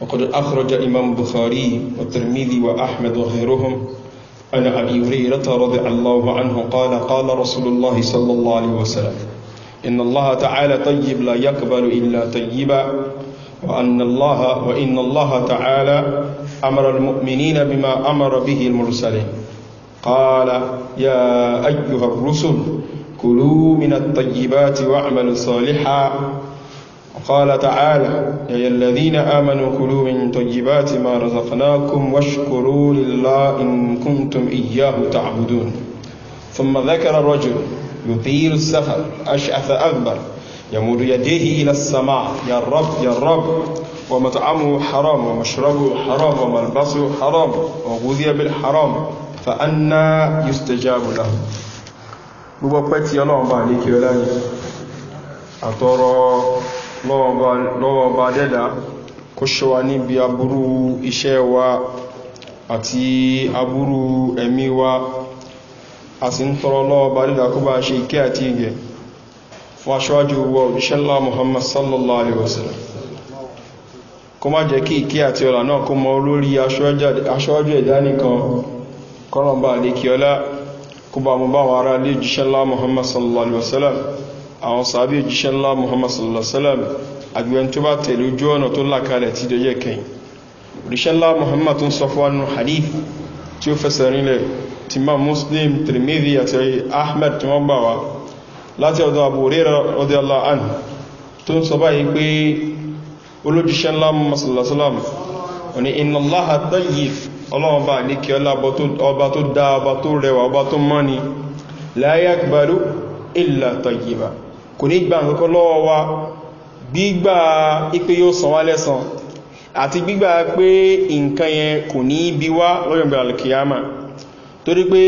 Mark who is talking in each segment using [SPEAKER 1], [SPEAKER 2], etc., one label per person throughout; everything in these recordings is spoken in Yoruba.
[SPEAKER 1] وقد أخرج إمام بخاري والترمذي وأحمد وغيرهم عن أبي هريرة رضي الله عنه قال قال رسول الله صلى الله عليه وسلم إن الله تعالى طيب لا يقبل إلا طيبا وأن الله وإن الله تعالى أمر المؤمنين بما أمر به المرسلين قال يا أيها الرسل كلوا من الطيبات واعملوا صالحا قال تعالى يا الذين آمنوا كلوا من طيبات ما رزقناكم واشكروا لله إن كنتم إياه تعبدون ثم ذكر الرجل يطيل السفر أشعث اكبر يمد يديه إلى السماء يا رب يا رب ومطعمه حرام ومشربه حرام وملبسه حرام وغذي بالحرام فأنا يستجاب له gbogbo يا الله عليك يا ní kí lọ́wọ́ ọba dẹ́dà kó ṣọwa níbi aburú iṣẹ́ wa àti aburú ẹ̀mí wa a sì ń tọrọ lọ́wọ́ ọba dẹ́dà kó bá ṣe ìkẹ́ àti ìgẹ̀ fún aṣíwájú wa òjíṣẹ́lá muhammad sallallahu alaihi wasallam kó má jẹ́ kí ìkẹ́ àti ọ̀là náà kó mọ olórí aṣíwájú ẹ̀dá nìkan kọ́lọ̀mbà àlékiọlá kó bá muhammad sallallahu alaihi wasallam àwọn sàábí òjíṣẹ́ ńlá muhammad sallallahu alaihi wasallam àgbẹ̀n tó bá tẹ̀lé ojú ọ̀nà tó lákalẹ̀ tí dẹjẹ́ kẹyìn òjíṣẹ́ ńlá muhammad tó ń sọ fún wánú hadith tí ó fẹsẹ̀ rinlẹ̀ ti ma muslim trimidi àti ahmed tí wọ́n gbà wá láti ọ̀dọ̀ àbò rírà ọdí aláàn tó ń sọ báyìí pé olójíṣẹ́ ńlá muhammad sallallahu alaihi wasallam òní iná láha tayyif ọlọ́wọ́n bá ní kí ọba tó dáa ọba tó rẹwà ọba tó kò ní gbà nǹkan lọ́wọ́ wa gbígbà ipé yóò san wá lẹ́sàn àti gbígbà pé nǹkan yẹn kò ní bí wá lọ́yọ̀gbà alkiyama torí pé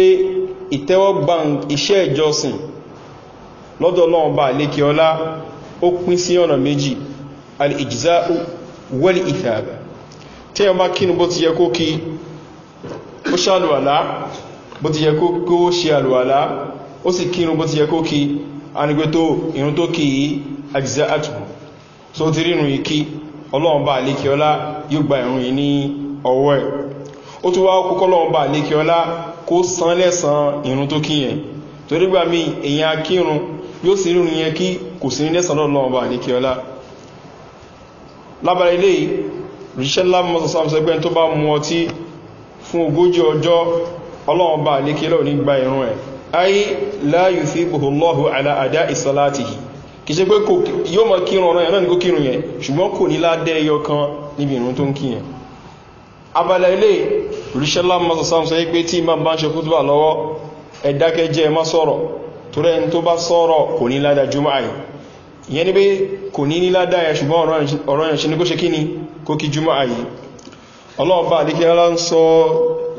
[SPEAKER 1] ìtẹ́wọ́gbà iṣẹ́ ìjọsìn lọ́dọ̀ lọ́wọ́ba ó pín sí ọ̀nà méjì a ní pé tó irun tó kì í àjíṣẹ́ àtùkù so ti rínú ikí ọlọ́run bá àlékí ọlá yóò gba ìrún yìí ní ọwọ́ ẹ̀ ó tún wá kókọ́ ọlọ́run bá àlékí ọlá kó san lẹ́san irun tó kí yẹn torí gbà mí èyàn akírun yóò sì rírun yẹn kí kò sí ní lẹ́san ọlọ́run ay la yufibuhu allahu ala ada isalatihi kì í ṣe yóò mọ̀ kírun ọ̀nà ẹ̀nà ní kó yẹn ṣùgbọ́n kò ní ládẹ́ ẹyọ kan níbi ìrún tó ń kí yẹn abala ilé ríṣẹ́lá yí pé tí ma bá ń ṣe kútùbà lọ́wọ́ ẹ̀dákẹ́jẹ́ ma sọ́rọ̀ tó rẹ̀ tó bá sọ́rọ̀ kò ní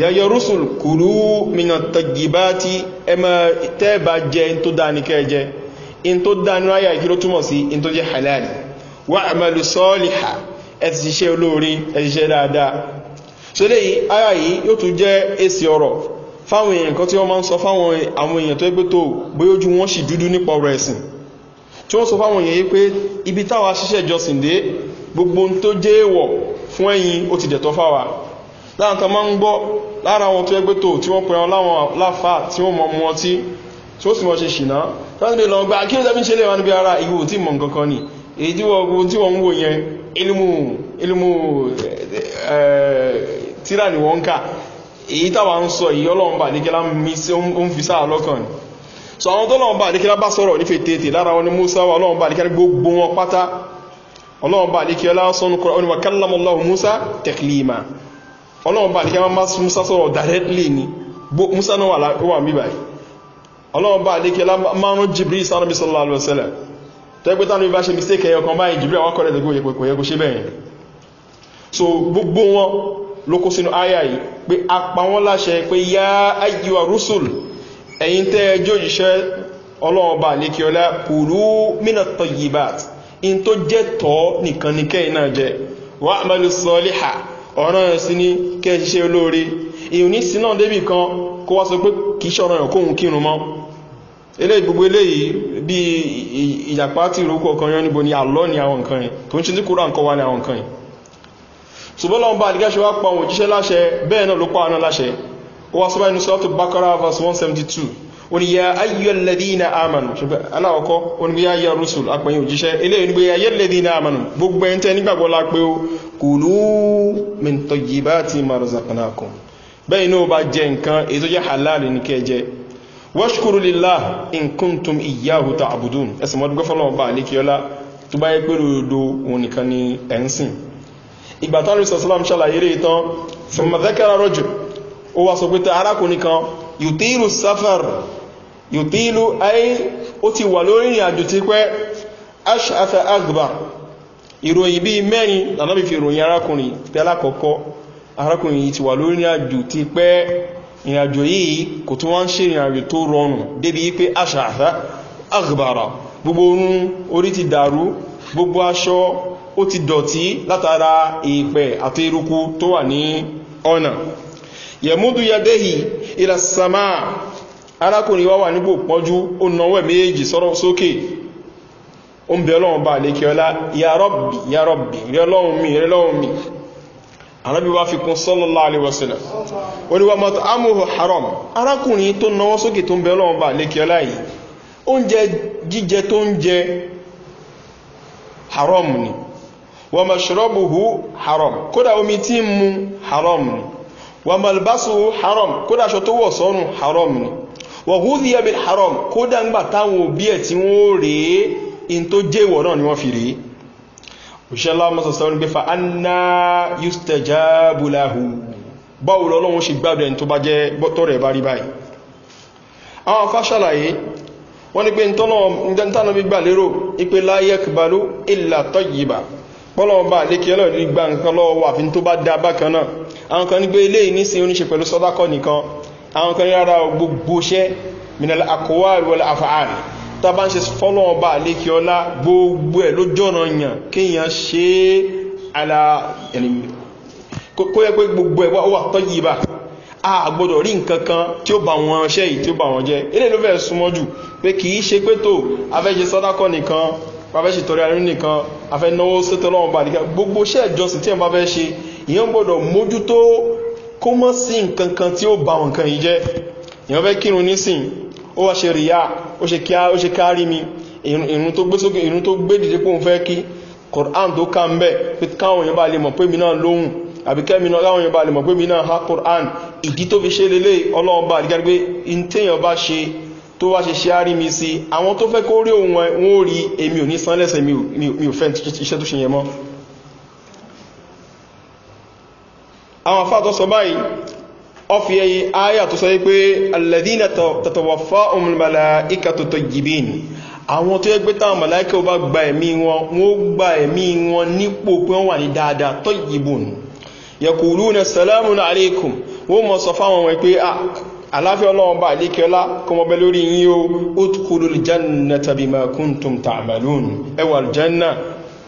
[SPEAKER 1] yẹ̀yẹ̀ rúsùl kùrú mìíràn tàgìbá tí ẹmọ tẹ́ẹ̀bà jẹ in tó dáa ní kẹ́ẹ̀jẹ in tó dáa ní ráyà ìkí ló túnmọ̀ sí in tó jẹ́ halali wà àmàlù sọ́ọ̀lìhà ẹ̀sì ṣiṣẹ́ olóorí ẹ̀sì ṣiṣẹ́ dáadáa ṣẹlẹ̀ yìí ara yìí yóò tún jẹ́ èsì ọ̀rọ̀ fáwọn èèyàn kan tí wọ́n máa ń sọ fáwọn àwọn máa ń gbọ́ lára wọn tó ẹgbẹ́ tó tí wọ́n pẹ̀ wọn láwọn láfà tí wọ́n mọ̀ mú ọtí tí ó sì wọ́n ṣe ṣìná láti lè lọ gba kí ló tẹ́bí ń ṣe lè wá níbi ara ìwò tí mọ̀ nǹkan kan ni èyí tí wọ́n tí wọ́n ń wò yẹn ilmu ilmu tíra ni wọ́n ń kà èyí táwa ń sọ èyí ọlọ́run bà níkẹ́lá ń fi sáà lọ́kàn ni so àwọn tó lọ́wọ́ bá àdíkẹ́lá bá sọ́rọ̀ nífẹ̀ẹ́ tètè lára wọn ni musa wà ọlọ́wọ́ bá àdíkẹ́lá gbogbo wọn pátá ọlọ́wọ́ bá àdíkẹ́lá sọ́nukọ́ oníwàkálàmọ́lọ́wọ́ musa tẹ̀klíma ọlọ́run bá àdékẹ́ máa musa sọ̀rọ̀ directly ni musa náà wà wà mí báyìí ọlọ́run bá àdékẹ́ máa ń jìbìrì sanu bíi sọlá alẹ́ sẹlẹ̀ tẹ́gbẹ́ tánu bá ṣe mistake ẹ̀yọ kan báyìí jìbìrì àwọn akọ́rẹ́ ẹ̀dẹ́gbẹ́ kò yẹ kó ṣe bẹ́ẹ̀ yẹn so gbogbo wọn ló kó sínú àyà yìí pé a pa wọ́n láṣẹ pé yá ayíwa rusul ẹ̀yin tẹ́ ẹjọ́ òjíṣẹ́ ọlọ́run bá ní kẹ́yìn náà jẹ́ ọ̀ràn sí ní kẹ́ ṣiṣẹ́ olóore ìhùn ní sínà débì kan kó wá sọ pé kìí ṣọ̀rọ̀ ẹ̀kọ́ òun kírun mọ́ ilé gbogbo eléyìí bí ìyàpá tí ìrókò ọkàn yọ níbo ni àlọ́ ni àwọn nǹkan yìí tó ń ṣe tí kúrò àǹkọ́ wá ní àwọn nǹkan yìí ṣùgbọ́n lọ́wọ́ bá àdìgáṣe wá pa òun òjíṣẹ́ láṣẹ bẹ́ẹ̀ náà ló pa àná láṣẹ ó wá sọ́bàá inú sọ́tò bákọ́rá verse 172 oní ya ayyọ́lẹ́dínà àmànù aláwọ̀kọ́ oní bí yá rúsùl apẹ̀yìn òjíṣẹ́ ilé oní bí yá yẹ́lẹ́dínà àmànù gbogbo ẹ̀yìn tẹ́ nígbàgbọ́ lápé o kò ló mẹ́ntọ̀yì bá ti marzakanakum bẹ́ẹ̀ ní o bá jẹ nǹkan ètò jẹ́ halali ní kẹjẹ wọ́ṣkúrú lílá nkuntum ìyáhu ta àbùdùn ẹsẹ̀ mọ́dúgbọ́ fọlọ́wọ́ bá àlékiọ́lá tó bá yẹ pé lòdò òun nìkan ni ẹ̀ ìgbà tán lùsọ̀ sọ́lọ́m ṣàlàyé rẹ̀ tán fún mọ̀tẹ́kẹ́rà rọ́jù ó wá sọ pé arákùnrin kan yùtírù sáfàrù yùtílù ayé ó ti wà lórí ìrìn àjò ti pẹ́ ash'afa agba ìròyìn bí mẹ́rin lànàbí fi ròyìn arákùnrin pẹ́ alákọ̀ọ́kọ́ arákùnrin yìí ti wà lórí ìrìn àjò ti pẹ́ ìrìn àjò yìí kò tún wá ń ṣe ìrìn àjò tó rọrùn débi pé ash'afa agbára gbogbo orun orí ti dàrú gbogbo aṣọ ó ti dọ̀tí látara ìpẹ̀ àti eruku tó wà ní ọ̀nà yẹ̀múdú yadéhì ìlàsàmáà arákùnrin wá wà nígbò pọ́njú ó náwẹ̀ méjì sọ́rọ̀ sókè ó ń bẹ ọlọ́run bá lè kí ọlá yarọ́bì yarọ́bì rí mi rí mi arábí wá fi kún haram arákùnrin tó náwọ́ sókè tó ń bẹ ọlọ́run bá haram ni wọ́n mọ̀ ṣọ́rọ́bùhù haram kódà omi haram ni wọ́n haram kódà aṣọ tó wọ̀ sọ́rùn haram ni wọ̀húdíyà bí haram kódà ń gbà táwọn òbí ẹ̀ tí wọ́n rèé in tó jẹ́ ìwọ̀ náà ni wọ́n fi rèé òṣèlá mọ́sọ̀sọ́ ní gbẹ́fà anna yustaja bulahu báwo lọ́lọ́wọ́n ṣe gbádùn ẹni tó bá jẹ́ tọ́rẹ̀ bá rí báyìí àwọn afá ṣàlàyé wọ́n ní pé ntọ́nà bí gbà lérò ipé láyé kìbalú ìlà tọ́yìíbà pọ́lọ́wọ́n bá lékè ọlọ́ ní gbà nǹkan lọ́wọ́ àfi tó àwọn kan rárá gbogbo iṣẹ́ minal akọwàrí wọlé àfààrí tó bá ń ṣe fọ́lọ́ ọba àlékí ọlá gbogbo ẹ̀ lójọ́nà yàn kéèyàn ṣe ala kó yẹ pé gbogbo ẹ̀ wà tọ́jì bá a gbọ́dọ̀ rí nǹkan kan tí ó bá wọn ṣẹ́ yìí tí ó bá wọn jẹ́ ilé ló fẹ́ súnmọ́ jù pé kì í ṣe pé tó afẹ́ṣe sọ́dákọ́ nìkan afẹ́ṣe tọrẹ arínú nìkan afẹ́ náwó sétọ́lọ́wọ́n bá nìkan gbogbo iṣẹ́ ìjọsìn tí ẹ̀ bá fẹ́ ṣe ìyẹn gbọ́dọ̀ mójútó kó mọ́ sí nǹkan kan tí ó bá wọn kan yìí jẹ́ èyàn fẹ́ kírun nísìn ó wá ṣe ríyà ó ṣe kíá ó ṣe kárí mi ìrún tó gbé sókè ìrún tó gbé dìde pòun fẹ́ kí koran tó ká ń bẹ́ pé káwọn èèyàn bá lè mọ̀ pé mi náà lóhùn àbí kẹ́mi náà káwọn èèyàn bá lè mọ̀ pé mi náà ha koran ìdí tó fi ṣe lélẹ̀ ọlọ́run bá àdígbà pé in téèyàn bá ṣe tó wá ṣe ṣe á rí mi sí àwọn tó fẹ́ kó rí òun wọn ò rí èmi ò ní sanlẹ̀sẹ̀ mi ò fẹ́ iṣẹ́ tó ṣe yẹn mọ́ àwọn afáàtọ́ sọ báyìí ọfì ẹyí ayà tó sọ wípé alẹ́dínà tàtàwà fá òmìnira ìkà tó tọ jìbìn àwọn tó yẹ pé táwọn mọ̀láìkẹ́ bá gba ẹ̀mí wọn wọ́n gba ẹ̀mí wọn nípò pé wọ́n wà ní dáadáa tọ́ ìbùn yẹkùrú na salamu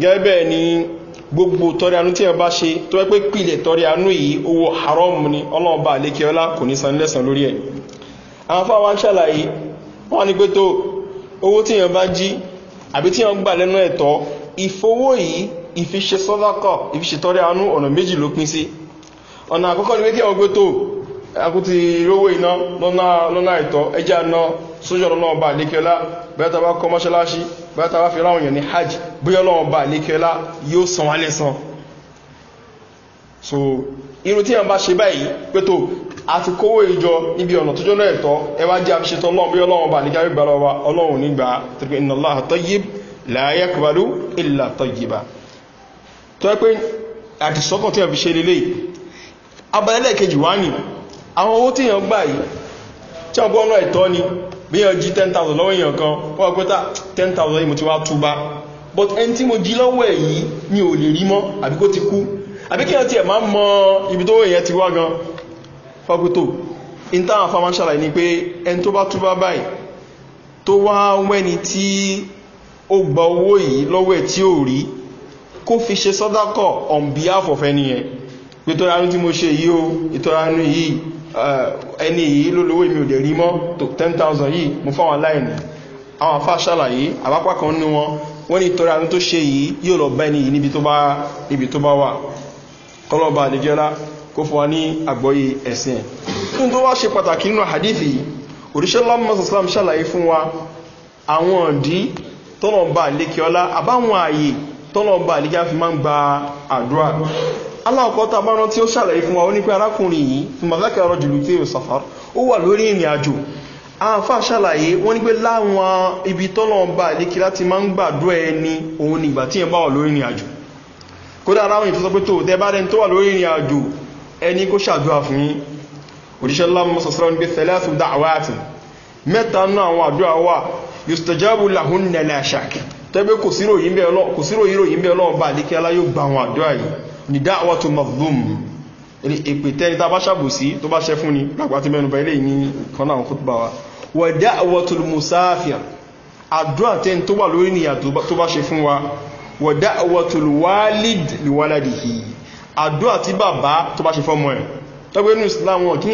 [SPEAKER 1] gẹ́gẹ́ bẹ́ẹ̀ ni gbogbo tọrẹ anú tí ẹ bá ṣe tó wẹ́ pé pìlẹ̀ tọrẹ anú yìí owó haram ni ọlọ́ọ̀bá àlékè ọlá kò ní san lẹ́sàn lórí ẹ̀ àwọn fáwọn ń ṣàlàyé wọ́n ni pé tó owó ni pé kí àwọn gbé tó akúti rówó iná lọ́nà ẹ̀tọ́ ẹjá ná sójú bẹ́ẹ̀ta bá kọ́ mọ́ṣáláṣí bẹ́ẹ̀ta bá fi ráwọn èèyàn ní hajj bóyá ọlọ́wọ́n bá níkẹ́lá yóò san wá lẹ́sàn so irú tí yàn bá ṣe báyìí pé tó àti kówó ìjọ níbi ọ̀nà tó jọ́nà ẹ̀tọ́ ẹwà jẹ́ àfiṣetọ́ ọlọ́run bá ní bí yàn jí 10,000 lọ́wọ́ èèyàn kan wọ́n pẹ́ta 10,000 yìí mo ti wá túbá but ẹni tí mo jí lọ́wọ́ ẹ̀ yìí ni ò lè rí mọ́ àbí kó ti kú àbí kí yàn ti ẹ̀ máa mọ ibi tó èèyàn ti wá gan fọ́kútó intanet farmansala ni pé ẹni tó bá túbá báyìí tó wá wẹ́ni tí ó gba owó yìí lọ́wọ́ ẹ̀ tí ò rí kó fi ṣe sọ́dákọ̀ on behalf of ẹni yẹn pé tó ránú tí mo ṣe yìí o ìtọ́ránú yìí Uh, ẹni yìí ló lówó èmi ò dẹ̀ rí mọ́ tó 10,000 yìí mú fáwọn aláìní àwọn afá ṣàlàyé àbápá kan nínú wọn wọ́n ní tọ́ra tó ṣe yìí yóò lọ bá ẹni yìí níbi tó bá wà kọlọ́ba àdìjọ́lá kó fún wa ní àgbọ́yé ẹ̀sìn ẹ̀ tó wá ṣe pàtàkì nínú àdífì òríṣẹ́ lọ́mọ́sọ̀sọ́lám ṣàlàyé fún wa àwọn ọ̀dí tọ́lọ̀ba àlékiọlá àbáwọn ààyè tọ́lọ̀ba àlékiá fi máa ń gba àdúrà aláwọ̀kọ́ tá a bá rántí ó ṣàlàyé fún wa ó ní pé arákùnrin yìí mọ̀láka ọ̀rọ̀ jùlọ tí yóò sàfà ó wà lórí ìrìn àjò àǹfà ṣàlàyé wọ́n ní pé láwọn ibi tọ́lọ́ọ̀ba ìlékí láti máa ń gbàdúrà ẹni òun nígbà tí ẹ̀ bá wà lórí ìrìn àjò kódà aráwọn ìtọ́sọ pé tó tẹ́ bá rẹni tó wà lórí ìrìn àjò ẹni kó ṣàdúrà fún yín òṣìṣẹ́ lámọ́ sọ̀sọ́rọ̀ ní pé tẹ̀lé àtúndà àwáyàtì mẹ́ta náà àwọn àdúrà wà yustajabu lahun nẹ̀lẹ̀ àṣàkì tẹ́gbẹ́ kò sí bẹ́ẹ̀ ọlọ́ọ̀ba àlékí alá yóò gba àwọn àdúrà yìí Ni dáwàtò mazlum ìpètẹ́ ní tàbá ṣàbòsí tó bá ṣẹ fún ni lápá ti mẹ́nu bẹ̀rẹ̀ ní kanáà kútùbà wa wà dáwàtò musafir àdúrà tẹ́ tó wà lórí nìyà tó bá ṣe fún wa wà dáwàtò wálid liwaladihi àdúrà tí bàbá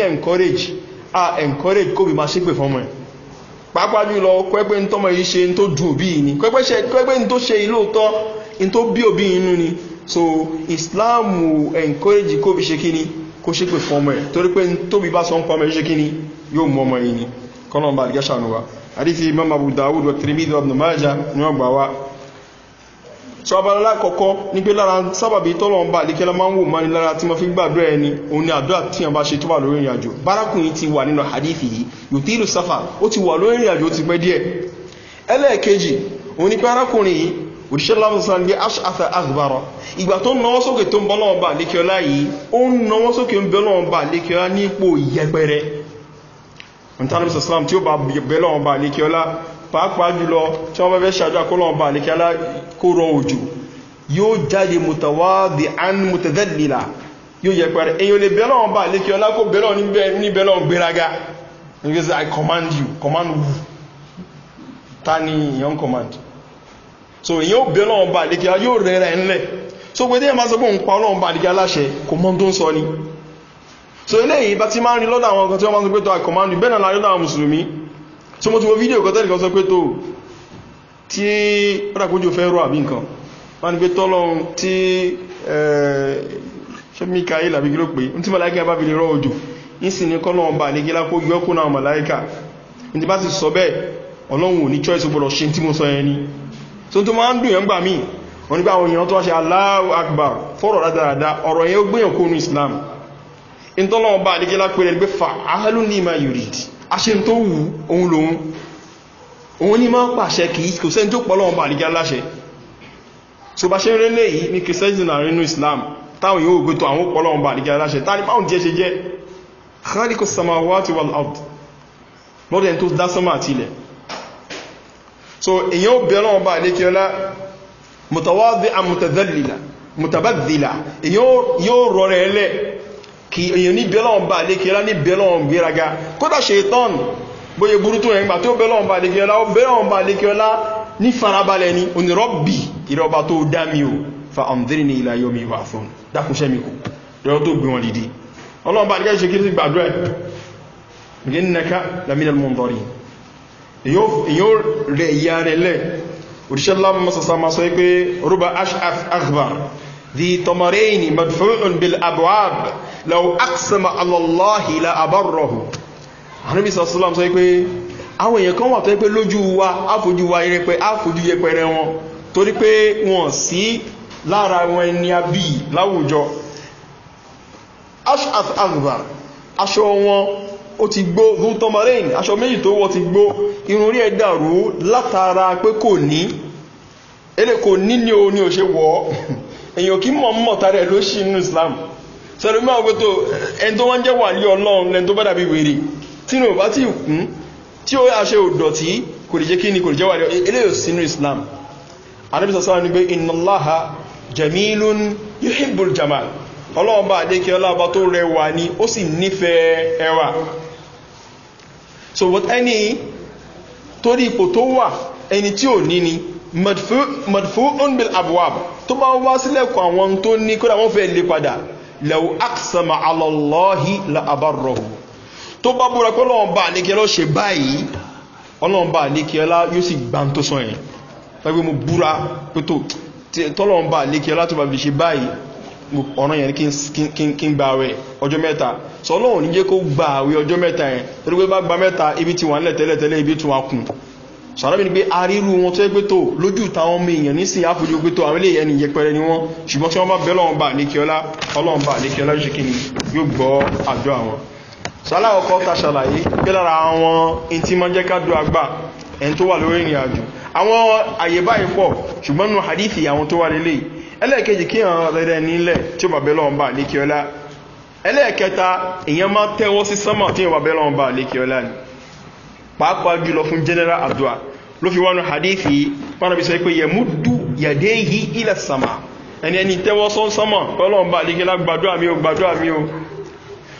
[SPEAKER 1] encourage a encourage kóbi máa ṣépè fọ́mọ ẹ̀ pàápàá jùlọ kọ́ẹ́gbẹ́ ń tọ́mọ yìí ṣe ń tó dùn òbí yìí ni kọ́ẹ́gbẹ́ ń tó ṣe ìlóòótọ́ ń tó bí òbí yìí ni so islam encourage kó fi ṣe kí ni kó ṣe pè fún ọmọ ẹ̀ torí pé tóbi bá sọ ń pa ẹ̀ ṣe kí ni yóò mú ọmọ yìí ni kọ́nà bá àdìgá ṣàánú wa àdìsí imam abu dawud wa tirimidi wa numaja ni wọ́n wá so abalala kọ̀kọ́ ní pé lára sábàbí tọ́lọ̀ ń bá àdìkẹ́lá máa ń wò máa ní lára tí wọ́n fi gbàdúrà ẹni òun ni àdúrà tí wọ́n bá ṣe tó wà lórí ìrìn àjò bárakùnrin ti wà nínú àdìsí yìí yóò tí ìlú sáfà ó ti wà lórí ìrìn àjò ó ti pẹ́ díẹ̀ ẹlẹ́ẹ̀kejì òun ni pé arákùnrin yìí òṣìṣẹ́ lámùsàn ní aṣáfẹ́ agbára ìgbà tó ń náwọ́ sókè tó ń bọ́lọ́wọ́ bá lékiọlá yìí ó ń náwọ́ sókè ń bẹ́lọ́wọ́ bá lékiọlá ní ipò yẹpẹrẹ ìtànàmùsàn islam tí ó bá bẹ́lọ́wọ́ bá lékiọlá pàápàá jùlọ tí wọ́n fẹ́ ṣàjọ akọ́lọ́wọ́ bá lékiọlá kó rọ òjò yóò jáde mùtàwádìí án mùtẹ̀dẹ́lìlà yóò yẹpẹrẹ èyàn lè bẹ́lọ́wọ́ bá lékiọlá kó bẹ́lọ́ ní bẹ́lọ́wọ́ gbéraga because i command you command you. ta ni yan command so ìyẹn ò bí ọlọ́run bá àdékẹ́ yóò rẹ̀rẹ̀ ńlẹ̀ so pé déyàn bá sọ pé òun pa ọlọ́run bá àdékẹ́ aláṣẹ kò mọ́ tó ń sọ ni so eléyìí bá ti máa ń rí lọ́dọ̀ àwọn kan tí wọ́n máa ń sọ pé tó àkọ́mánú bẹ́ẹ̀ náà láyọ́dọ̀ àwọn mùsùlùmí so mo ti wo fídíò kan tẹ́lẹ̀ kan sọ pé tó tí ó dàkójú fẹ́ rọ àbí nǹkan wọ́n ni pé tọ́lọ́run tí ṣe eh, mikael àbí kí ló pé ní tí màláìka bá fi lè rọ òjò ní sì ní kọ́lọ́run bá àdékẹ́ lápò gbé ọkùnrin àwọn màláìka ní ti bá sì sọ bẹ́ẹ̀ ọlọ́run ò ní choice gbọ́dọ̀ ṣe tí mo sọ yẹn tó tó máa ń dùn yẹn gbà míì wọ́n nígbà àwọn èèyàn tó wá ṣe aláwọ̀ akbar fọ́rọ̀ rádáradá ọ̀rọ̀ yẹn ó gbìyàn kó ní islam ìtọ́lọ́wọ́ bá àdíkẹ́lá pẹ̀lẹ̀ gbé fa ahálù ní ma yìí rìdì a ṣe tó wù ohun lòun òun ní máa pàṣẹ kìí kò sẹ́ni tó pọ̀lọ́wọ́ bá àdíkẹ́ aláṣẹ islam táwọn yóò gbé tó àwọn pọ̀lọ́wọ́ bá àdíkẹ́ aláṣẹ tá ní báwọn jẹ́ ṣe jẹ́ khalikos samawa ti lọ́dẹ̀ tó dá sọ́mà tilẹ̀ so èyàn ó bẹ̀rẹ̀ ọba àlékiọlá mutawazi amutazalila mutabazila yóò rọrẹ̀ ẹlẹ́ kí èyàn ní bẹ̀rẹ̀ ọba àlékiọlá ní bẹ̀rẹ̀ ọba gbéraga kódà ṣetán bóyẹ burú tó ẹgbà tó bẹ̀rẹ̀ ọba àlékiọlá ó bẹ̀rẹ̀ ọba àlékiọlá ní farabalẹ̀ ni onírọ́bì ìrọba tó dá mi ò fa ọmọdé ní ilá yomi wà fún dákúnṣẹ́ mi kò lọ́rọ̀ tó gbé wọn dìde ọlọ́ọ̀bá àlékiọlá ṣe kí èyàn rẹ̀ ìyá rẹ̀ lẹ̀ òṣìṣẹ́lá mọ́sàsá ma sọ pé rúbà ashaf akbar di tọmọrẹ́ni madfúrún bil abuab lau aksama alallahi la abarrahu anubi sassalam sọ pé àwọn èèyàn kan wà tó pé lójú wa áfojú wa irẹpẹ áfojú yẹpẹrẹ wọn torí pé wọn sí lára wọn ni a bí láwùjọ ashaf akbar aṣọ wọn ó ti gbó vultomarin aṣọ méjì tó wọ́ ti gbó irun rí ẹ̀dà rú látara pé kò ní ele kò ní ní o ní o ṣe wọ́ èyàn kí mọ̀ mọ̀ tara ló ṣì nínú islam sọ̀rọ̀ mọ́ ọgbẹ́ tó ẹni tó wọ́n jẹ́ wà ní ọlọ́run lẹ́ni tó bá dàbí wèrè tí ní ò bá ti kún tí ó aṣe òdọ̀tí kò lè jẹ́ kí ni kò lè jẹ́ wà ní eléyò sínú islam anábìsọ̀ sọ́rọ̀ ní pé ìnáláha jamilun yuhibbul jamal ọlọ́run bá adékẹ́ ọlọ́run bá tó rẹwà ni ó sì nífẹ̀ẹ́ ẹwà so what ẹni torí ipò tó wà ẹni tí ò ní ni mọ̀dùfú unbil abuab tó bá wá sílẹ̀kùn àwọn tó ní kódà wọ́n fẹ́ lè padà lẹ́wọ́ àkṣàmà alọ́lọ́hí làbárọ̀hù tó bá búra pé ọlọ́run bá àlékẹ́ lọ́ ṣe báyìí ọlọ́run bá àlékẹ́ ọlá yóò sì gbá tó sọ yẹn pẹ́gbẹ́ mo búra pé tọ́lọ́run bá àlékẹ́ ọlá tó bá fi ṣe báyìí ọ̀ràn yẹn kí n gba àwẹ̀ ọjọ́ mẹ́ta sọ ní jẹ́ kó gba ọjọ́ mẹ́ta yẹn torí pé bá gba mẹ́ta ibi tí wà ń lẹ̀tẹ́lẹ̀tẹ́lẹ̀ ibi tí wà kùn sọ̀rọ̀bí ni pé arírù wọn tó ẹgbẹ́ tó lójú táwọn ọmọ èèyàn nísìn àfojú pé tó àwọn eléyẹn nìyẹn pẹrẹ ni wọn ṣùgbọ́n tí wọ́n bá bẹ́ lọ́wọ́n bá àlékiọlá ọlọ́run bá àlékiọlá ṣe kí ni yóò gbọ́ àjọ àwọn sálà ọkọ̀ ta ṣàlàyé pé lára àwọn intí máa jẹ́ ká do àgbà ẹni tó wà lórí ìrìn àjò àwọn àyè báyìí pọ̀ ṣùgbọ́n nù hadithi àwọn tó ẹlẹ́ẹ̀kejì kí hàn rẹ̀rẹ̀ nílẹ̀ tí ó bàbẹ́ lọ́wọ́ bá lékiọlá ẹlẹ́ẹ̀kẹta èyàn máa tẹ́wọ́ sí sánmà tí ó bàbẹ́ lọ́wọ́ bá lékiọlá ni pàápàá jùlọ fún general adua ló fi wánu hadithi wọn bí sọ pé yẹmúdú yàdé yí ilẹ̀ sàmà ẹni ẹni tẹ́wọ́ sán sánmà lọ́wọ́ bá lékiọlá gbàdúrà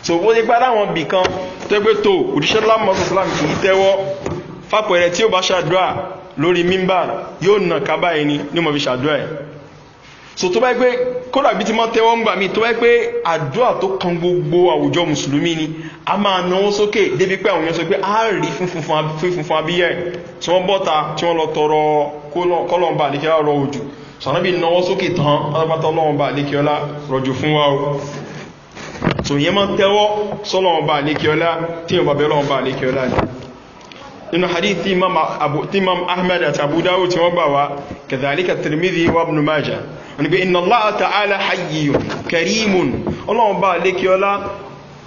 [SPEAKER 1] so ó ti gbára àwọn bì kan tẹ́gbẹ́ tó òdíṣẹ́ lámọ́sọ̀sọ́lámù kì í tẹ́wọ́ fápẹ̀rẹ̀ tí ó bá ṣàdúrà lórí mímbà yóò nà kábàáyé ni ní mo fi ṣàdúrà ẹ̀ so tó bá yẹ pé kódà bí ti máa tẹ́wọ́ ń gbà mí tó bá yẹ pé àdúrà tó kan gbogbo àwùjọ mùsùlùmí ni a máa náwó sókè débi pé àwọn èèyàn sọ pé a rí funfun abíyẹ tí wọ́n bọ́ta tí wọ́n lọ tọrọ kọ́lọ̀mbà àdékẹ́lá rọ òjò sànábì náwó sókè tán alábátá ọlọ́ọ̀mbà àdékẹ́lá rọjò fún wa o so yẹn máa tẹ́wọ́ sọ́lọ́ọ̀mbà àdékẹ́lá tí imam ahmed àti abu dawud tí wọ́n gbà wá kẹtàlíkà tìrìmìdì wa ibn majah níbi iná láàtà aláhàyè kẹrìmùn ọlọ́run bá lékiọlá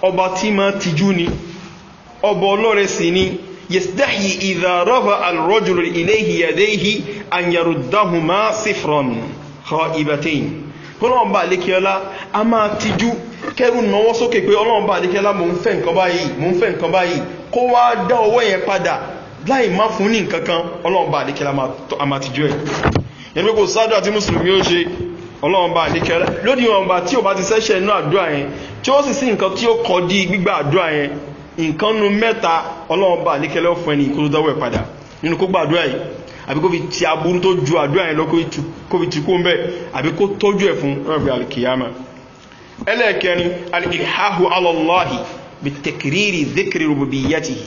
[SPEAKER 1] ọba tí ma tijú ni ọba ọlọ́rẹ̀ sí ni yẹ̀sìdáhì ìdàrọ́bà alrọ́jùlù ilé ìyàdéhì àyàrùdáhùnmá sífrọ̀n kọ ìbàtẹ́yìn ọlọ́run bá lékiọlá a máa tijú kẹrù náwó sókè yẹn pé kò sádùn àti mùsùlùmí ó ṣe ọlọ́run bá àdékẹ́ lódì wọn bá tí ò bá ti sẹ́ṣẹ̀ inú àdúrà yẹn tí ó sì sí nǹkan tí ó kọ́ di gbígbà àdúrà yẹn nǹkan nu mẹ́ta ọlọ́run bá àdékẹ́ ẹni kó tó dáwọ́ ẹ̀ padà nínú kó gbàdúrà yìí àbí kó fi ti aburú tó ju àdúrà yẹn lọ kó fi ti kó àbí kó tọ́jú ẹ̀ fún rọ̀bì alikiyama ẹlẹ́ẹ̀kẹrin alìháhu alọ́láhi bìtẹ̀kìrìrì zikiri rububiyatihi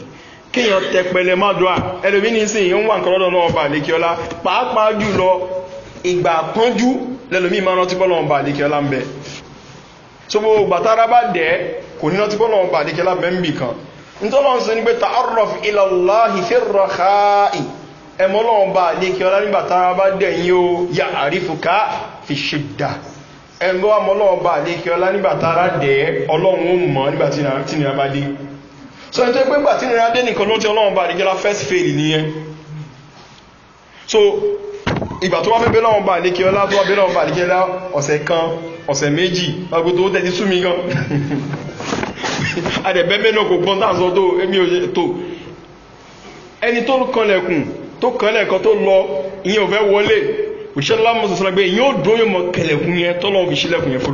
[SPEAKER 1] kéèyàn tẹpẹlẹ mọ́dúà ẹlòmí ní sí ìyẹn ń wà nǹkan lọ́dọ̀ náà ọba àlékiọlá pàápàá jùlọ ìgbà pọ́njú lẹ́lòmí máa rántí bọ́lọ̀ ọba àlékiọlá ń bẹ so gbogbo gbàtara bá dẹ̀ kò ní rántí bọ́lọ̀ ọba àlékiọlá bẹ́ ń bì kan nítorí wọn sọ ní pé ta arọf ìlàláhi fi rọ̀háì ẹmọ lọ́wọ́n bá àlékiọlá nígbà tara bá dẹ̀ yín o ya àrífùká fi ṣe dà ẹmọ lọ́wọ́n bá àlékiọlá nígbà tara dẹ̀ ọlọ́run ó mọ̀ nígbà so ẹ tó pé gbà tí nira dé nìkan ló ti ọlọ́run bá àdìgẹ́lá first fail nìyẹn so ìgbà tó wá fẹ́ bẹ́lọ̀ ọba àdíkẹ ọlá tó wá bẹ́lọ̀ ọba àdíkẹ ọlá ọ̀sẹ̀ kan ọ̀sẹ̀ méjì ọgbò tó tẹ̀ ní súnmi gan adẹ̀bẹ́bẹ́ náà kò gbọ́n tààzọ́ tó èmi ò tó ẹni tó kanlẹ̀kùn tó kanlẹ̀kan tó lọ ìyẹn ò fẹ́ wọlé òṣèlú lámọ́sọ̀sọ́lá gbé ìyẹn ò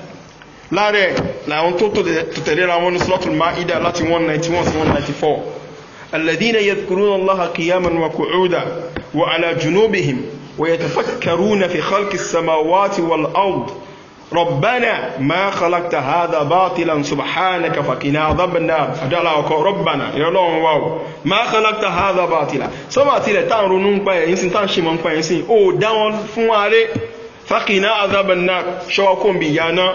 [SPEAKER 1] láàrẹ̀ làwọn tó tẹ̀léra wọn ní slotul ma'ida láti 191 sí 194 alladina yadkuruna allaha qiyaman wa qu'uda wa ala junubihim wa yatafakkaruna fi khalqi samawati wal ard ربنا ما خلقت هذا باطلا سبحانك فقنا عذاب النار اجلا ربنا يا لون واو ما خلقت هذا باطلا سما تي le tan ronú npa yin sin tan se mo npa yin sin o da won fún are faqina عذاب النار so ko yana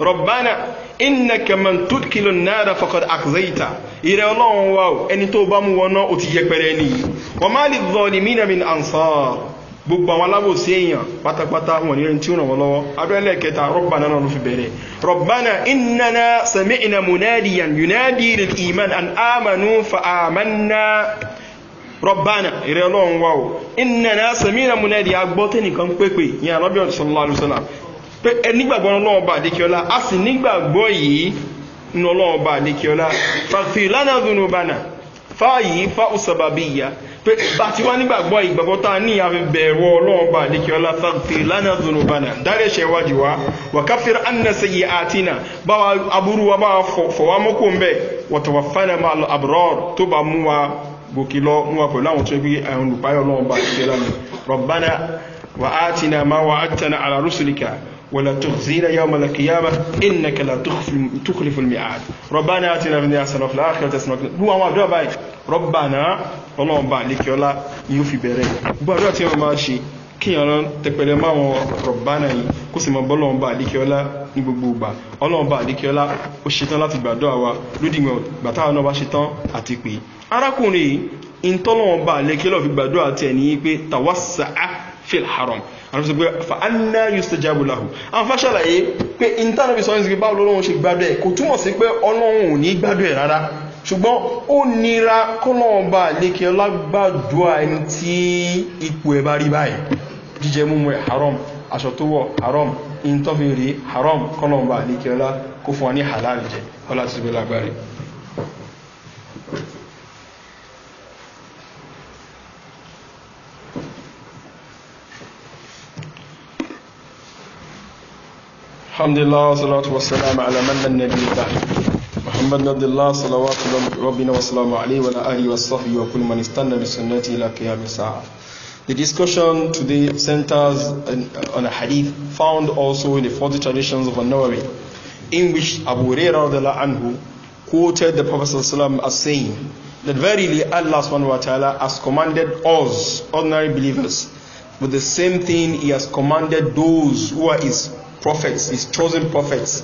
[SPEAKER 1] rọ̀bánà iná kẹmọ̀ tó kìlọ̀ náà fọkọ̀dá àkùzẹ́ìta ìrẹ ọlọ́run wà ẹni tó bá mú wọná ò ti yẹpẹrẹ ní wọ́n má lè zọ ní mínàmín ansar gbogbo àwọn alábòsí èèyàn pátápátá wọn ní tí ó ràn wọ́n lọ́wọ́ abẹ́lẹ̀ kẹta rọ̀bánà náà ló fi bẹ̀rẹ̀ rọ̀bánà iná sẹ̀mí ìnà munadiyan yunadi rẹ̀ ìmán an amanu fa amanna rọ̀bánà ìrẹ ọlọ́run wà ó iná sẹ̀mí ìnà munadi agbọ́tẹ́nìkan pépè ní alábíọ̀n sallallahu pé ẹnigbàgbọ́ ọlọ́ọ̀bà àdékíọlá a sì nígbàgbọ́ yìí ní ọlọ́ọ̀bà àdékíọlá fàfihì lánàá dùnú bànà fáàyí fá òsàbàbí ìyá pé bá ti wá nígbàgbọ́ ìgbàgbọ́ tá a ní àfi ọlọ́ọ̀bà àdékíọlá fàfihì lánàá dùnú bànà wa wà káfíìr ànàṣe yìí àtìnà báwa aburú wa báwa fọwọ́ mọ́kò ń bẹ̀ wọ̀tọ̀wọ̀ fẹ́nà máa lọ àbúrọ̀ tó bá mú wa gòkè lọ mú ولا تخزينا يوم القيامة إنك لا تخلف الميعاد ربنا آتنا في الدنيا حسنة وفي الآخرة حسنة هو ما دعا باي ربنا ọlọ́run bá àlékè ọlá yóò fi bẹ̀rẹ̀ gbọ́dọ̀ tí wọ́n máa ṣe kí ọ̀rọ̀ tẹpẹrẹ máwọn rọ̀bánà yìí kó sì mọ bọ́lọ́run bá àlékè ọlá ní gbogbo ìgbà ọlọ́run bá àlékè ọlá ó ṣetán láti gbàdọ́ àwa lódìgbọ̀n gbàtàwọn náà bá ṣetán àti pé arákùnrin yìí ìtọ́lọ́run bá àlékè ọlá fi gbàdọ́ àti ẹ̀ ní pé tàwásà á fil haram àwọn fi pé fa anna yustajabu lahu àwọn fa ṣàlàyé pé intanet fi sọ ní sìnkú báwo lọ́wọ́ ṣe gbádùn ẹ̀ kò túmọ̀ sí pé ọlọ́run ò ní gbádùn ẹ̀ rárá ṣùgbọ́n ó nira kọ́lọ́ọ̀bà lékè ọlágbàdúrà ẹni tí ipò ẹ̀ bá rí báyìí jíjẹ múmu ẹ̀ haram aṣọ tó wọ̀ haram in tó fi rí haram kọ́lọ́ọ̀bà lékè ọlá kó fún wa ní halal jẹ ọlá ti gbé lágbárí الحمد لله والصلاة والسلام على من نبي بعد محمد الله صلوات ربنا وسلامه عليه وعلى آله وصحبه وكل من استنى بسنته إلى قيام الساعة The discussion today centers on a hadith found also in the 40 traditions of An-Nawawi in which Abu Hurairah anhu quoted the Prophet ﷺ as saying that verily Allah subhanahu wa ta'ala has commanded us ordinary believers with the same thing he has commanded those who are his prophets, his chosen prophets.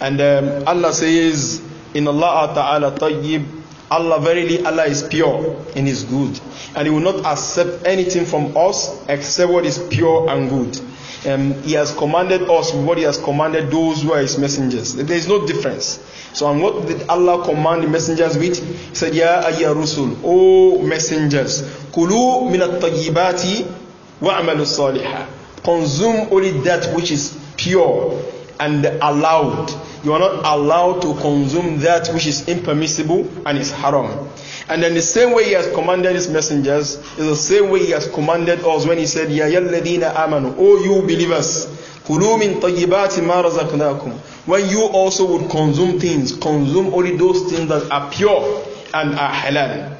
[SPEAKER 1] And um, Allah says, In Allah ta'ala tayyib, Allah verily Allah is pure and is good. And he will not accept anything from us except what is pure and good. Um, he has commanded us what he has commanded those who are his messengers. There is no difference. So, and what did Allah command the messengers with? He said, Ya ayya rusul, O messengers, kulu min at wa wa'malu salihah. Consume only that which is pure and allowed. You are not allowed to consume that which is impermissible and is haram. And then the same way he has commanded his messengers is the same way he has commanded us when he said, Ya yalladina amanu, O you believers, kulu min tayyibati ma razaqnakum. When you also would consume things, consume only those things that are pure and are halal.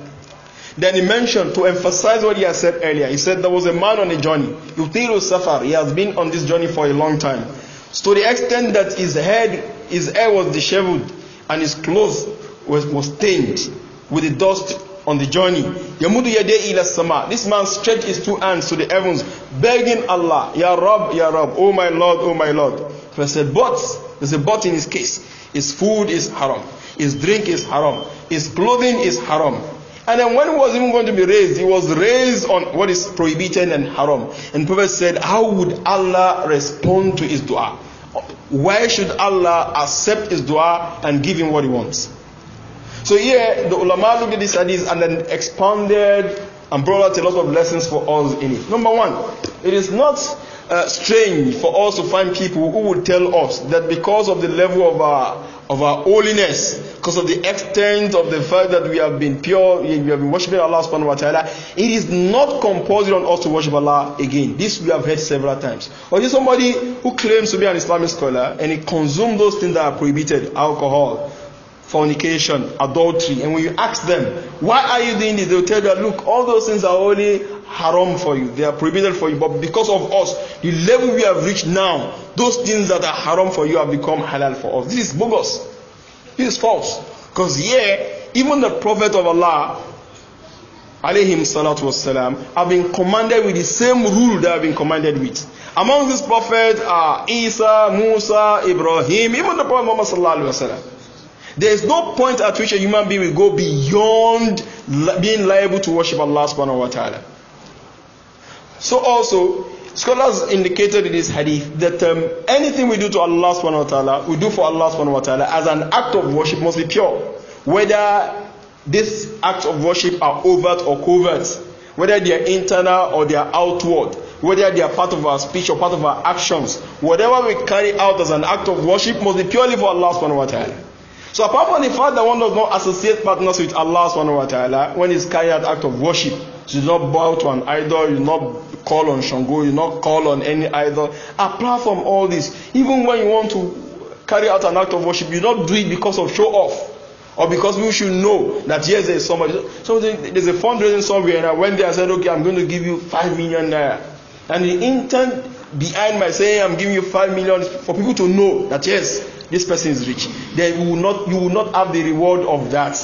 [SPEAKER 1] Then he mentioned to emphasize what he had said earlier. He said there was a man on a journey. Yutiru Safar. He has been on this journey for a long time. So to the extent that his head, his hair was disheveled and his clothes was, was stained with the dust on the journey. Yamudu yade ila sama. This man stretched his two hands to the heavens, begging Allah, Ya Rab, Ya Rab, Oh my Lord, Oh my Lord. So I said, but, there's a but in his case. His food is haram. His drink is haram. His clothing is haram. And then when he was even going to be raised, he was raised on what is prohibited and haram. And Prophet said, How would Allah respond to his dua? Why should Allah accept his dua and give him what he wants? So here the ulama looked at this hadith and then expounded and brought out a lot of lessons for us in it. Number one, it is not uh, strange for us to find people who would tell us that because of the level of our of our holiness, because of the extent of the fact that we have been pure, we have been worshiping Allah subhanahu wa ta'ala, it is not compulsory on us to worship Allah again. This we have heard several times. Or is somebody who claims to be an Islamic scholar and he consumes those things that are prohibited, alcohol, fornication, adultery, and when you ask them, why are you doing this? They will tell you, look, all those things are holy, haram for you, they are prohibited for you. But because of us, the level we have reached now, those things that are haram for you have become halal for us. This is bogus. This is false. Because here, even the Prophet of Allah, alayhim salatu wasalam, have been commanded with the same rule that have been commanded with. Among these prophets are uh, Isa, Musa, Ibrahim, even the Prophet Muhammad sallallahu alayhi wasalam. There is no point at which a human being will go beyond being liable to worship Allah subhanahu wa ta'ala. So also, scholars indicated in this hadith that um, anything we do to Allah subhanahu wa ta'ala, we do for Allah subhanahu wa ta'ala as an act of worship must be pure. Whether this acts of worship are overt or covert, whether they are internal or they are outward, whether they are part of our speech or part of our actions, whatever we carry out as an act of worship must be purely for Allah subhanahu wa ta'ala. So apart from the fact that one does not associate partners with Allah subhanahu wa ta'ala when it's carried out act of worship, you do not bow to an idol, you do not call on Shango, you not call on any idol. Apart from all this, even when you want to carry out an act of worship, you not do it because of show off or because people should know that yes, there is somebody. So there's a fundraising somewhere, and I went there. and said, okay, I'm going to give you five million naira, and the intent behind my saying I'm giving you five million is for people to know that yes, this person is rich. Then you will not you will not have the reward of that.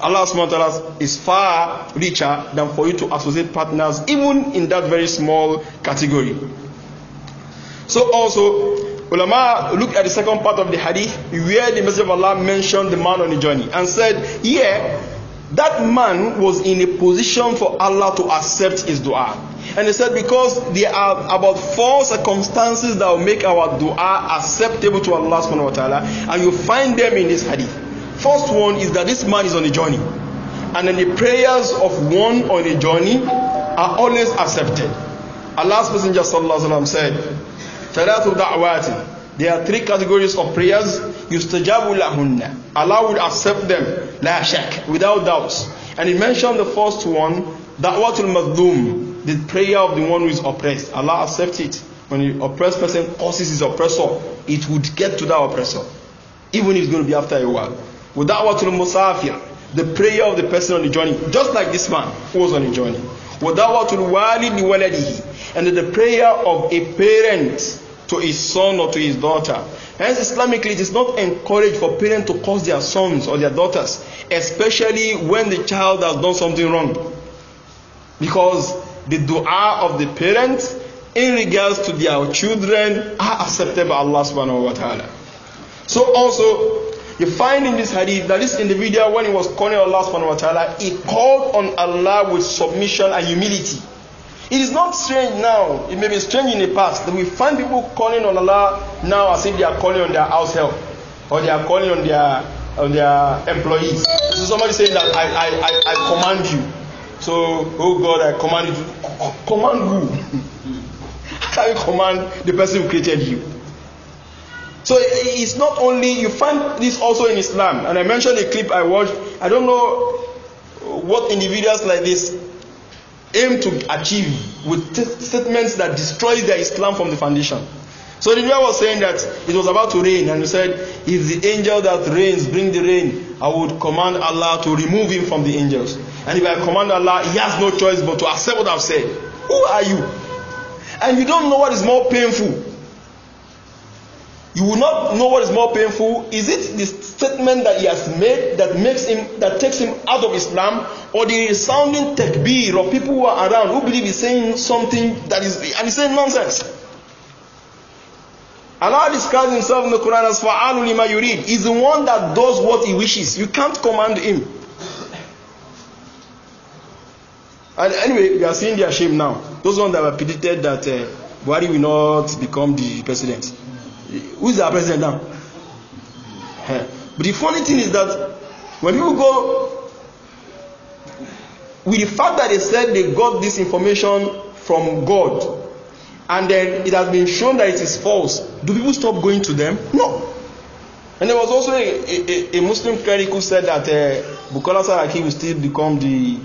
[SPEAKER 1] Allah subhanahu is far richer than for you to associate partners even in that very small category. So also, ulama look at the second part of the hadith where the Messenger of Allah mentioned the man on the journey and said, yeah, that man was in a position for Allah to accept his dua. And he said, because there are about four circumstances that will make our dua acceptable to Allah subhanahu and you find them in this hadith. First one is that this man is on a journey, and then the prayers of one on a journey are always accepted. Allah's Messenger وسلم, said, Thalatu da'wati. There are three categories of prayers. Yustajabu lahunna. Allah will accept them, la shak, without doubts. And he mentioned the first one, da'watul madhum, the prayer of the one who is oppressed. Allah accepts it. When the oppressed person causes his oppressor, it would get to that oppressor, even if it's going to be after a while. Wadawatul Musafir, the prayer of the person on the journey, just like this man who was on the journey. Wadawatul Walid Waladihi, and the prayer of a parent to his son or to his daughter. Hence, Islamically, it is not encouraged for parents to curse their sons or their daughters, especially when the child has done something wrong. Because the dua of the parents in regards to their children are accepted by Allah subhanahu wa ta'ala. So also You find in this hadith that this individual, when he was calling Allah subhanahu wa ta'ala, he called on Allah with submission and humility. It is not strange now, it may be strange in the past, that we find people calling on Allah now as if they are calling on their house help or they are calling on their on their employees. So somebody saying that I I, I, I command you. So oh God, I command you. command who? How you command the person who created you? So it's not only, you find this also in Islam. And I mentioned a clip I watched. I don't know what individuals like this aim to achieve with statements that destroy their Islam from the foundation. So the guy was saying that it was about to rain, and he said, If the angel that rains bring the rain, I would command Allah to remove him from the angels. And if I command Allah, he has no choice but to accept what I've said. Who are you? And you don't know what is more painful you will not know what is more painful is it the statement that he has made that makes him that takes him out of islam or the resounding takbir of people who are around who believe he's saying something that is and he's saying nonsense allah describes himself in the quran as fa'alul lima yurid is the one that does what he wishes you can't command him and anyway we are seeing their shame now those ones that were predicted that uh, buhari will not become the president who is our president now but the funny thing is that when people go with the fact that they said they got this information from God and then it has been shown that it is false do people stop going to them no and there was also a, a, a Muslim cleric who said that uh, Bukola Saraki will still become the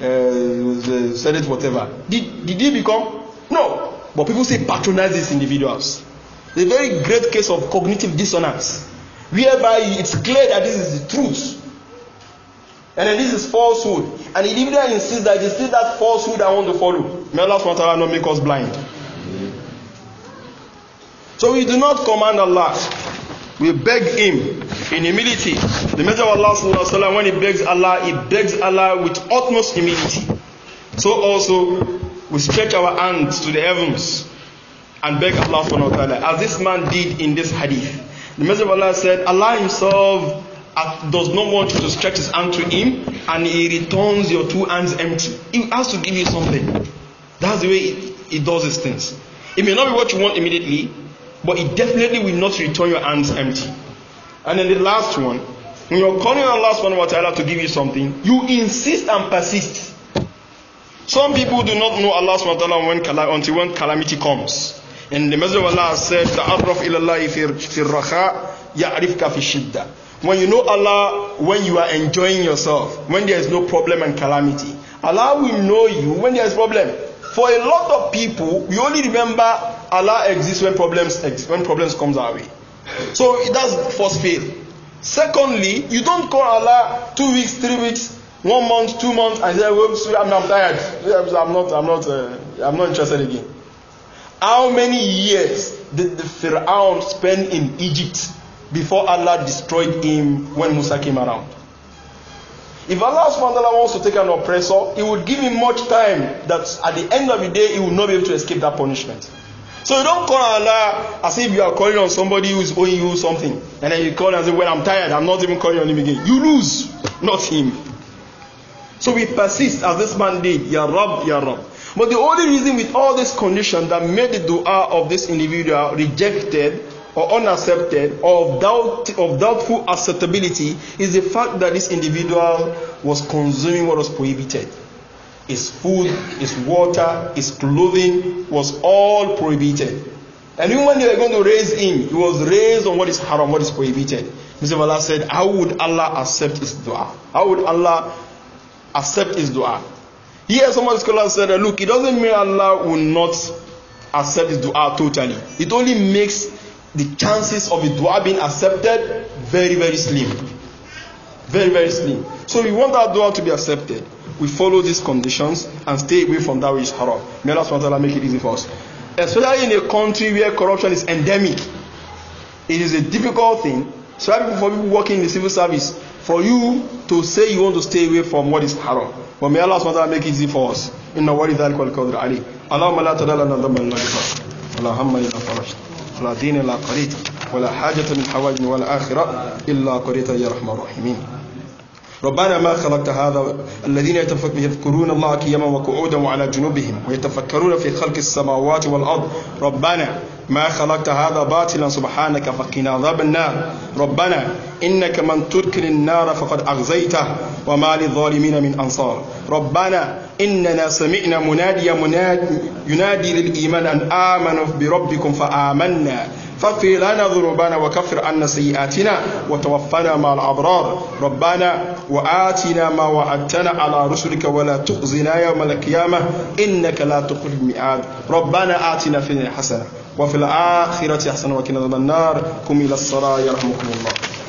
[SPEAKER 1] uh, Senate whatever did, did he become no but people say patronize these individuals The very great case of cognitive dissonance whereby it's clear that this is the truth and then this is falsehood and the leader insists that it is that falsehood i want to follow may allah swt not make us blind so we do not command allah we beg him in humility the messenger of allah sallallahu alaihi wasallam when he begs allah he begs allah with utmost humility so also we stretch our hands to the heavens and beg Allah for wa ta'ala, as this man did in this hadith. The Messenger of Allah said, Allah Himself does not want you to stretch His hand to Him and He returns your two hands empty. He has to give you something. That's the way He does His things. It may not be what you want immediately, but He definitely will not return your hands empty. And then the last one, when you're calling on Allah subhanahu wa ta'ala to give you something, you insist and persist. Some people do not know Allah subhanahu wa ta'ala until when calamity comes. And the Messenger of Allah said, Ta'arraf ilallahi firraha, ya'rifka fi shidda. When you know Allah, when you are enjoying yourself, when there is no problem and calamity, Allah will know you when there is problem. For a lot of people, we only remember Allah exists when problems exist, when problems comes our way. So that's first faith. Secondly, you don't call Allah two weeks, three weeks, one month, two months, and say, well, oh, I'm, I'm tired. I'm not, I'm not, uh, I'm not interested again how many years did the Pharaoh spend in Egypt before Allah destroyed him when Musa came around? If Allah subhanahu wants to take an oppressor, he would give him much time that at the end of the day he would not be able to escape that punishment. So you don't call Allah as if you are calling on somebody who is owing you something. And then you call and say, Well, I'm tired, I'm not even calling on him again. You lose, not him. So we persist as this man did. Ya Rab, Ya Rab. But the only reason with all this condition that made the dua of this individual rejected or unaccepted or of, doubt, of doubtful acceptability is the fact that this individual was consuming what was prohibited. His food, his water, his clothing was all prohibited. And even when they were going to raise him, he was raised on what is haram, what is prohibited. Mr. Allah said, How would Allah accept his dua? How would Allah accept his dua? Here, some of the scholars said that look, it doesn't mean Allah will not accept the dua totally. It only makes the chances of the dua being accepted very, very slim. Very, very slim. So we want that dua to be accepted. We follow these conditions and stay away from that which is haram. May Allah SWT make it easy for us. Especially in a country where corruption is endemic. It is a difficult thing, especially for people working in the civil service, for you to say you want to stay away from what is haram. But may Allah SWT make it easy for us. إن ولي ذلك والقدر علي. اللهم لا تدع لنا ذنبا لا غفرت ولا هما إلا فرجت ولا دين إلا قريت ولا حاجة من حوائج ولا آخرة إلا قريت يا رحمن الرحيمين. ربنا ما خلقت هذا الذين يذكرون الله قياما وقعودا وعلى جنوبهم ويتفكرون في خلق السماوات والأرض ربنا ما خلقت هذا باطلا سبحانك فقنا عذاب النار ربنا إنك من تدخل النار فقد أغزيته وما للظالمين من أنصار ربنا إننا سمعنا مناديا مناد ينادي للإيمان أن آمنوا بربكم فآمنا فاغفر لنا ذنوبنا وكفر عنا سيئاتنا وتوفنا مع الأبرار ربنا وآتنا ما وعدتنا على رسلك ولا تخزنا يوم القيامة إنك لا تخلف الميعاد ربنا آتنا في الحسنه وفي الآخرة حسنة وكنا عذاب النار قم إلى الصلاة يرحمكم الله